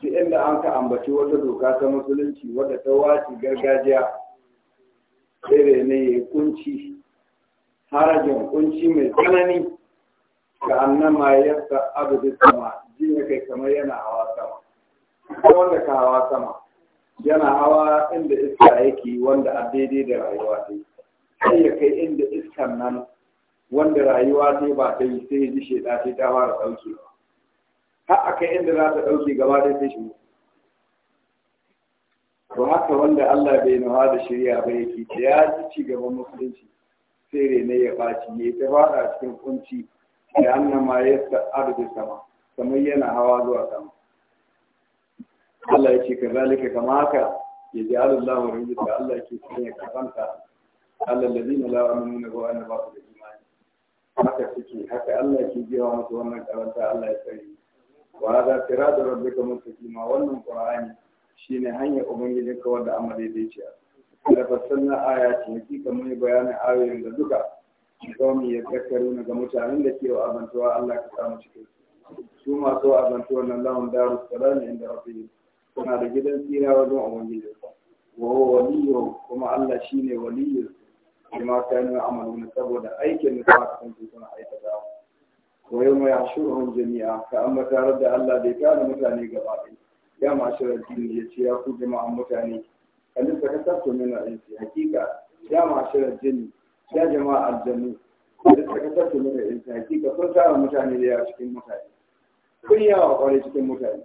ki inda an ka ambaci wata doka ta musulunci wadda ta wace gargajiya sai da ne ya kunci harajin kunci mai tsanani ga annama yadda abu da sama ji ya kai kamar yana hawa ko wanda ka hawa sama yana hawa inda iska yake wanda a daidai da rayuwa ta sai ya kai inda iskan nan wanda rayuwa ta ba ta yi sai ya ji sheda ta ta fara ɗauke har a kai inda za ta ɗauke gaba da sai shi to haka wanda Allah bai nawa da shirya ba yake da ya ci ci gaba musulunci sai rene ya ɓaci ya ta fara cikin kunci da annama ya sa'adu da sama kamar yana hawa zuwa sama Allah ya ce ka zalika kama haka ya ji Allah wa rinjita Allah ke sanya kafanta Allah da zina la aminu ga wa'anda ba su da imani haka suke haka Allah ke jewa musu wannan karanta Allah ya tsare wa za ta rabbi ka rabbika kima wannan qur'ani shine hanyar ka wanda amma daidaiciya da ce, ya ci kamar ya bayanin ayoyin da duka kawai ya zakaru na ga mutanen da ke abantuwa Allah ka samu cikin su masu wa'azantuwa nan lamun daru salami inda yi. suna da gidan tsira wajen ubangijinsa wa waliyo kuma Allah shine waliyo kuma kanu amaluna saboda aikin da suka sun suna aikata wa yau mai ashuruhun jami'a ka amma tare da Allah bai kana mutane gaba ɗaya ya ma'asharar jini ya ce ya ku jama'an mutane kalli ka kasarto min al'insi hakika ya ma'asharar jini ya jama'a aljanu kalli ka kasarto min al'insi hakika kun tara mutane da yawa cikin mutane kun yawa kwarai cikin mutane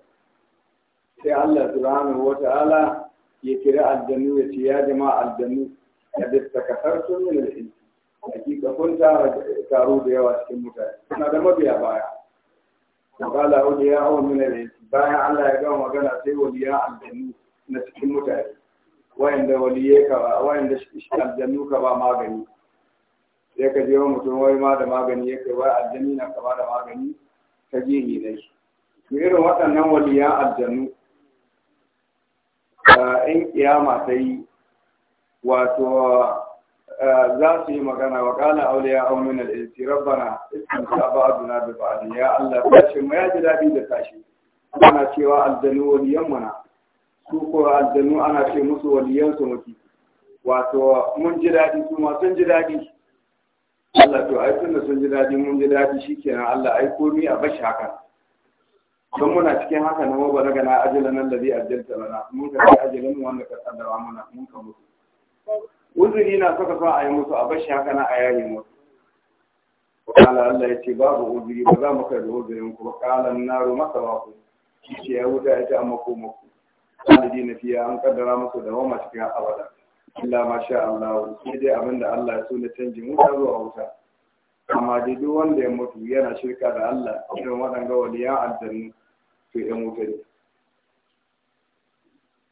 sai Allah subhanahu wata'ala ya kira aljannu ya ce ya jama'a aljannu ya bisa kasar sun min al'insu hakika kun taro da yawa cikin mutane suna da mabiya baya kala wani ya hawa min al'insu bayan Allah ya gama magana sai waliya aljannu na cikin mutane wayanda ya ka ba wayanda aljannu ka ba magani sai ka je wa mutum wai ma da magani ya kai wai aljanni na ka ba da magani ta je ne shi irin waɗannan waliyan aljanu in kiyama ta yi wato eh, za su yi magana wa kana auliya ya min al-insi rabbana a duna da ba ya Allah tashi ma ya ji daɗi da tashi ana cewa aljanu waliyan mana su ko aljanu ana ce musu waliyan su muke wato mun ji daɗi su ma sun ji daɗi? Allah to ai tunda sun ji daɗi mun ji daɗi shikenan Allah ai komi a bashi haka don muna cikin haka na wa balaga na ajalan allazi ajjalta lana mun ka ajiyar ajalan wanda ka kaddara mana mun ka mutu uzuri na suka sa a yi mutu a bashi haka na a yayi musu kala Allah ya ce babu uzuri ba za mu kai da uzurin ku ba kala ru masa ba ku shi ya wuta ya ce amma ko muku kalidi na fiya an kaddara musu da wama cikin abada illa ma sha Allah sai dai abinda Allah ya so na canjin wuta zuwa wuta amma dai duk wanda ya mutu yana shirka da Allah irin waɗanda waliyan aljannu to yan wuta ne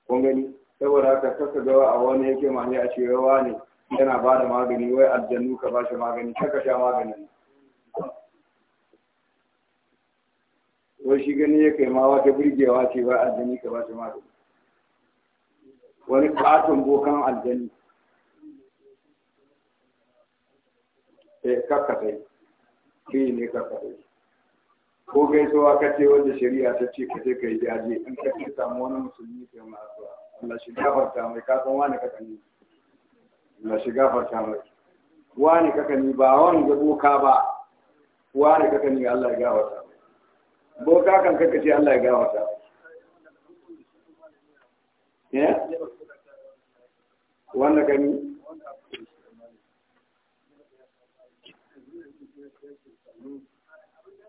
kun gani saboda haka kaka gawa a wani yake mani a cewa ne yana ba da magani wai aljannu ka ba shi magani kaka sha maganin wai shi gani ya kai ma wata burgewa ce wai aljanni ka ba shi magani wani katon bokan aljanni eh kakka kai shi ne kakkatai. ko gaisuwa ka ce wanda shari'a ta ce ka je ka yi jaje in ka ce samu wani musulmi ka yi masu Allah shi gafarta mai ka san wani ka kani Allah shi gafarta mai wani ka kani ba wani ga boka ba wani ka kani Allah ya gafarta mai boka kan kaka ce Allah ya gafarta mai eh? wanda kani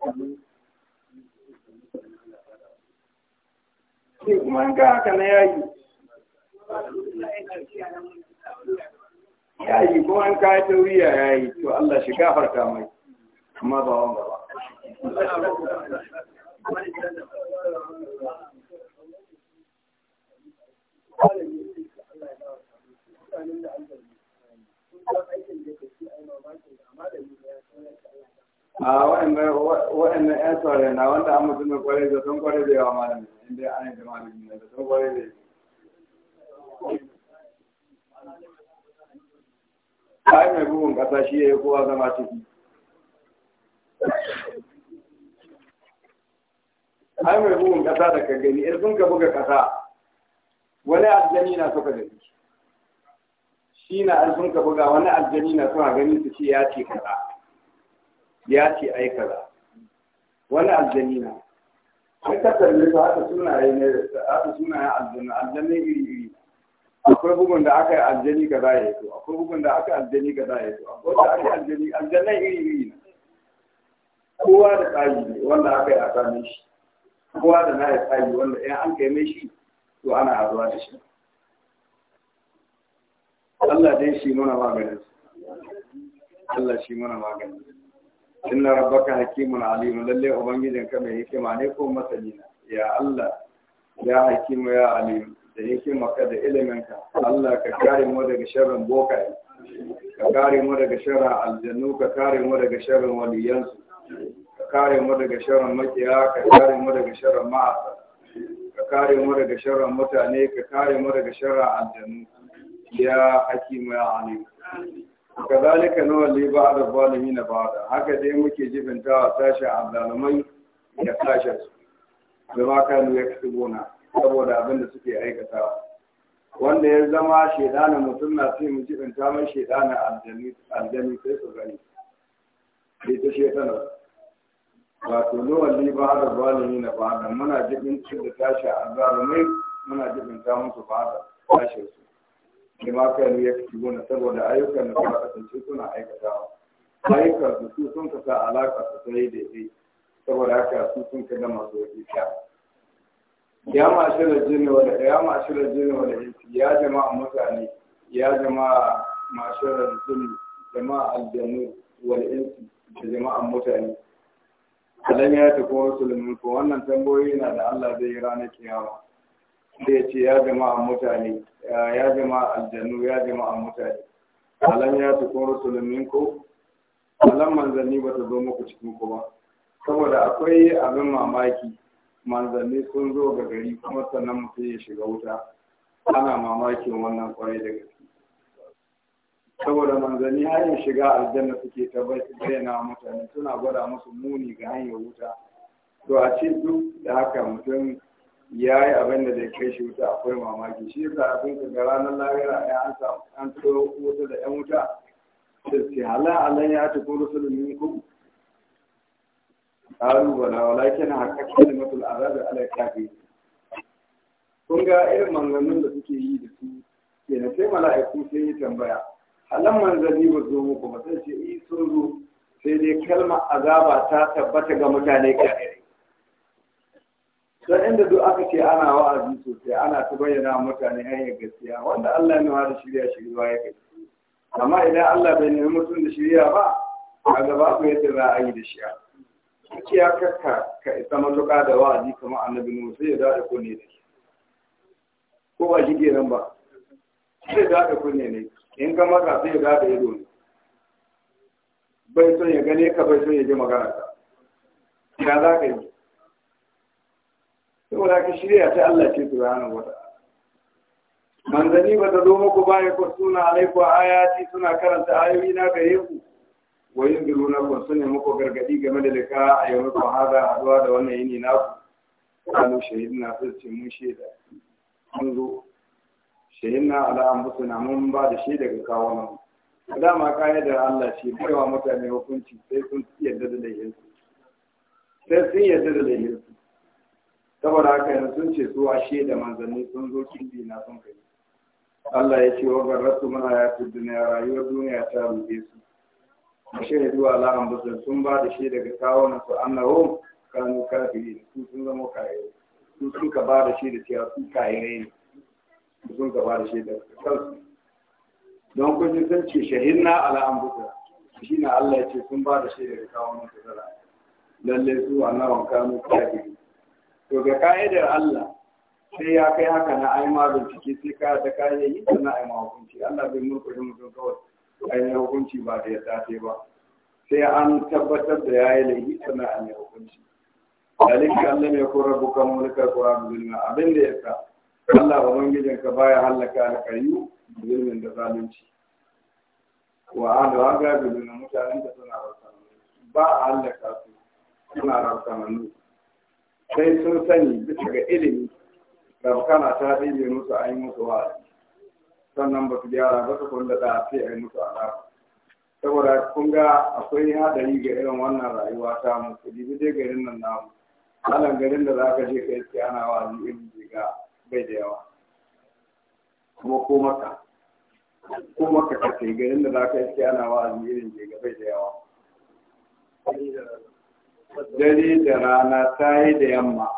Thank you. sai kuma an ga haka na yayi yayi kuma an ka tauriya yayi to Allah shi gafarta mai amma ba wanda ba da da a waɗannan 'yan sauran na wanda an mutum mutumin kwarai da sun kwarai da yawa malamin inda an yi da malamin da sun kwarai da yawa Ai mai bugun ƙasa shi ya yi kowa zama ciki ai mai bugun ƙasa da ka gani in sun ka buga ƙasa wani aljani na suka gani shi na an sun ka buga wani aljani na suna gani su ce ya ce kaza ya ce aika kaza wani aljani na Wani ka tarbe su haka yi ne haka sunayen aljani aljani iri iri akwai bugun da aka yi aljani kaza ya to akwai bugun da aka yi aljani kaza ya to akwai da aka yi aljani aljanai iri iri na kowa da tsari ne wanda aka yi a samun shi kowa da na yi tsari wanda in an kai mai shi to ana hazuwa da shi Allah dai shi mana maganin Allah shi mana maganin inna rabbaka hakimun alim lalle ubangijin ka mai hikima ne ko masani ya Allah ya hakimu ya alim da hikima ka da ilimin ka Allah ka kare mu daga sharrin Bokai, ka kare mu daga sharrin aljannu ka kare mu daga sharrin waliyansu ka kare mu daga sharrin makiya ka kare mu daga sharrin ma'asa ka kare mu daga sharrin mutane ka kare mu daga sharrin aljannu ya hakimu ya alim ka zalika na wale ba da zalimi na ba da haka dai muke jibinta a sashen azalumai da sashen su zama kanu ya fi gona saboda abin da suke aikatawa wanda ya zama shaidanin mutum na sai mu jibinta mai shaidanin aljami sai su gani sai ta shaitanar wato lowan liba da zalimi na ba da muna jibinta da tashi azalumai muna jibinta musu ba da sashen su bima kanu ya kibuna saboda ayyukan da suka kasance suna aikatawa ayyukan su sun kasa alaƙa su sai daidai saboda haka su sun kada masu wakilta ya mashirar jini wada ya mashirar jini wada ya jama'a mutane ya jama'a mashirar jini jama'a aljanu wani insi da jama'a mutane alam ya ta kowa sulmin ko wannan tambayoyi na da Allah zai yi ranar kiyama sai ce ya jama'a mutane ya jama'a aljannu ya jama'a mutane alam ya tukun rusulunin ko? alam manzanni ba ta zo muku cikin ku ba saboda akwai abin mamaki manzanni sun zo ga gari kuma sannan mutum ya shiga wuta ana mamakin wannan kwarai da gaske saboda manzanni hanyar shiga aljanna suke bayyana mutane suna gwada musu muni ga hanyar wuta to a ce duk da haka mutum ya yi abin da zai kai shi wuta akwai mamaki shi yasa abin ka ga ranar lahira ya an an tsoro wuta da yan wuta da su hala alan ya ta kuma rusulun minkum qalu bala walakin haqqat kalimatul azab ala kafi kun ga irin manganun da suke yi da su ke na sai mala'iku sai yi tambaya halan manzali ba zo muku ba sai ce yi eh, sun zo sai dai kalmar azaba ta tabbata ga mutane kafirai don inda duk aka ce ana wa'azi sosai ana ta bayyana mutane hanyar gaskiya wanda Allah ne da shirya shirya ya kai amma idan Allah bai nemi mutum da shirya ba a gaba ku yadda za a yi da shi Kiki ya kakka ka isa matuƙa da wa'azi kamar annabi Nuhu sai ya daɗa kunne da shi. Ko ba shi ke nan ba. Sai ya daɗa kunne ne. In ka maka sai ya daɗa ido ne. Bai son ya gane ka bai son ya ji magana ka. Ya za ka yi. saboda ka shirya ta Allah ce su wa wata. manzani ba ta zo muku ba ya suna alaiku ayati suna karanta ayoyi na gare ku wa biru na ku sun yi muku gargadi game da lika a yau muku a haduwa da wannan yini na ku shahid na su ce mun shaida mun zo Shahid na ala'an busu na mun ba da shaida ga kawo mu. dama kayan da Allah ce baiwa mutane hukunci sai sun yarda da laihinsu sai sun yarda da laihinsu saboda haka yanzu sun ce su ashe da manzanni sun zo kindi na sun kai Allah ya ce wa garrasu mana ya fi duniya rayuwar duniya ta rufe su a shaidu an ambasar sun ba da shaida ga kawunan su annahu kanu kafiri su sun zama kayi su sun ka ba da shaida cewa su kayi ne su sun ka ba da shaida ga kansu don kun ji sun ce na ala ambasar shi na Allah ya ce sun ba da shaida ga kawunan su zara lalle su annahu kanu kafiri to ga ka'idar Allah sai ya kai haka na aima bincike sai ka da kayan yi sannan na aima hukunci Allah bai da mutum kawai a hukunci ba da ya dace ba sai an tabbatar da ya yi laifi na ai hukunci dalika Allah ne ko rabbuka mulkar qur'an bilma abin da sa Allah mangijin ka baya halaka alƙayu zulmin da zalunci wa adu aga bilma mutanen da suna rasa ba a halaka su suna rasa manu sai sun sani bisa ga ilimi da kana ta ɗebe musu a yi musu wa'azi sannan ba su gyara ba su kunda da ɗa sai a yi musu azaba saboda kun ga akwai haɗari ga irin wannan rayuwa ta mu ku dibi dai garin nan namu alan garin da za ka je ka iske ana wa'azi irin ga bai da yawa kuma ko maka ko maka ka garin da za ka iske ana wa'azi irin ga bai da yawa dare da rana ta yi da yamma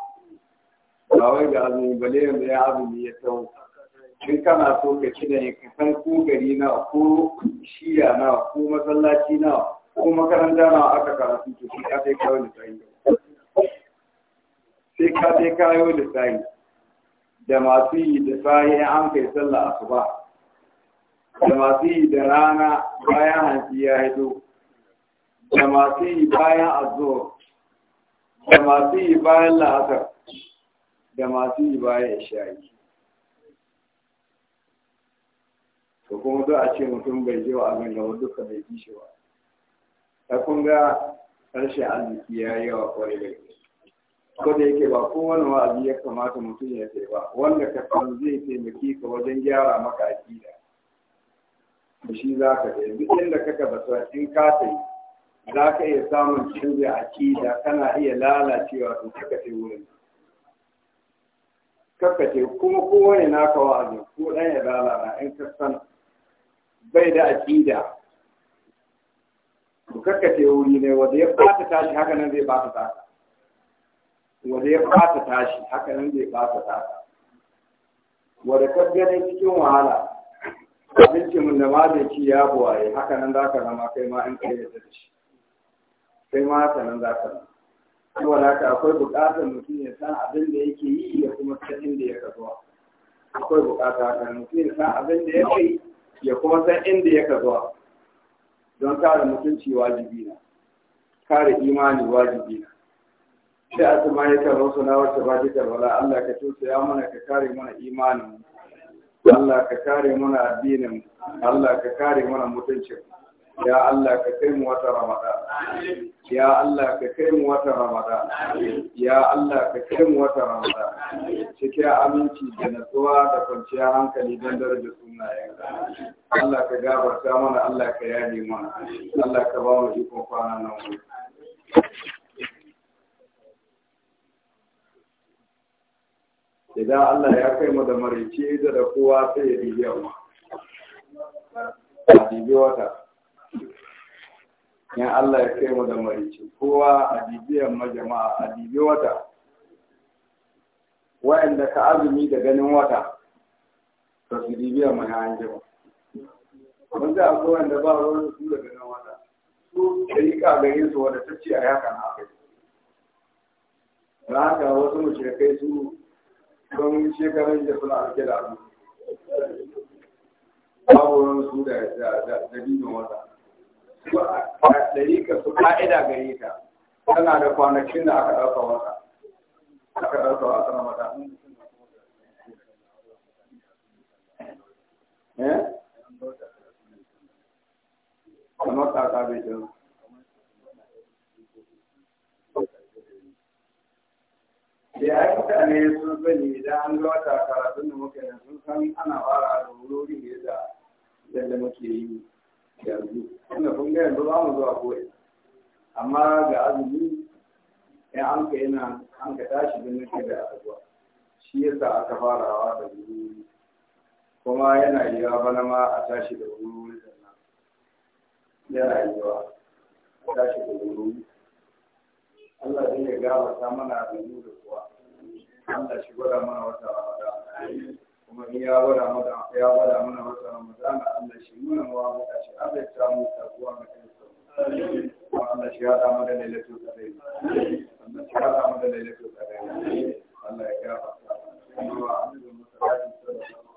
ba wai ga azumi ba ne ya azumi ya tau in kana so ka ci da ka san ko gari na ko shiya na ko masallaci na ko makaranta na aka karatu to sai ka sai kawo lissafi sai ka sai kawo lissafi da masu yi da sahi an kai sallah asuba da masu yi da rana bayan hanci ya hito da masu yi bayan azur da masu yi bayan la'asar da masu yi bayan shayi to kuma za a ce mutum bai je wa abin gaba duka bai ji shi ba ta kun ga harshen arziki ya yi yawa kwarai da ko da yake ba kowane wa'azi ya kamata mutum ya sai ba wanda ka san zai taimaki ka wajen gyara maka aƙida da shi za ka da duk inda kaka basa in ka yi? za ka iya samun a aƙida kana iya lalacewa to kaka ce wurin kaka ce kuma kowane naka wa'azin ko ɗan ya lalata in ka san bai da aƙida to kaka ce wuri ne wanda ya fata tashi haka nan zai bata tasa. wanda ya fata tashi haka nan zai bata tasa. wanda ka gani cikin wahala abincin da ma zai ci ya buwaye haka nan za ka zama kai ma in kai da shi sai ma nan za ka saboda haka akwai buƙatar mutum ya san abin da yake yi ya kuma san inda ya ka zuwa akwai buƙata haka mutum ya san abin da ya kai ya kuma san inda ya ka zuwa don kare mutunci wajibi na kare imani wajibi na sai a tuma ya karo suna wacce ba ji wala Allah ka tusa ya mana ka kare mana imanin Allah ka kare mana addinin Allah ka kare mana mutuncin ya Allah ka kai mu wata Ramadan ya Allah ka kai mu wata Ramadan ya Allah ka kai mu wata Ramadan cike aminci da natsuwa da kwanciyar hankali don daraja sunayenka Allah ka gabata mana Allah ka yaye mana Allah ka ba mu ikon kwana nan idan Allah ya kai mu da marice da da kowa sai ya dibi yamma a dibi wata in Allah ya kai mu da marici kowa a bibiyar majama'a a bibi wata wa'anda ka azumi da ganin wata to su bibiyar mai hanyar jima mun da akwai wanda ba ruwan su da ganin wata su yi gare su wadda ta ce a yakan haka da haka wasu mu shekai su don shekarun da suna alƙe da abu Ba ruwan su da dabino wata Ka su ka'ida gare ka tana da kwanakin da aka ɗauka wata aka ɗauka wata na mata eh kamar kaka bai jin da ya mutane sun sani idan an karatun da muka ana fara da da muke yi yanzu tunda kun ga yanzu za mu zuwa koyi amma ga azumi Ya an ka yana an ka tashi don nake da azuwa shi yasa aka farawa da wuri kuma yana yiwa bana ma a tashi da wuri sannan yana yiwa a tashi da wuri Allah zai ya gabata mana da mu da kuwa Allah shi gwada mana wata ramadan umarni ya wada mana ya wada mana wata ramadana Allah shi nuna wa mu shi Allah ya samu tabuwa ga kai Allah shi ya da mana ta qadr Allah shi ya da mana lailatul qadr Allah ya gafarta mana wa annabi Muhammad sallallahu alaihi wasallam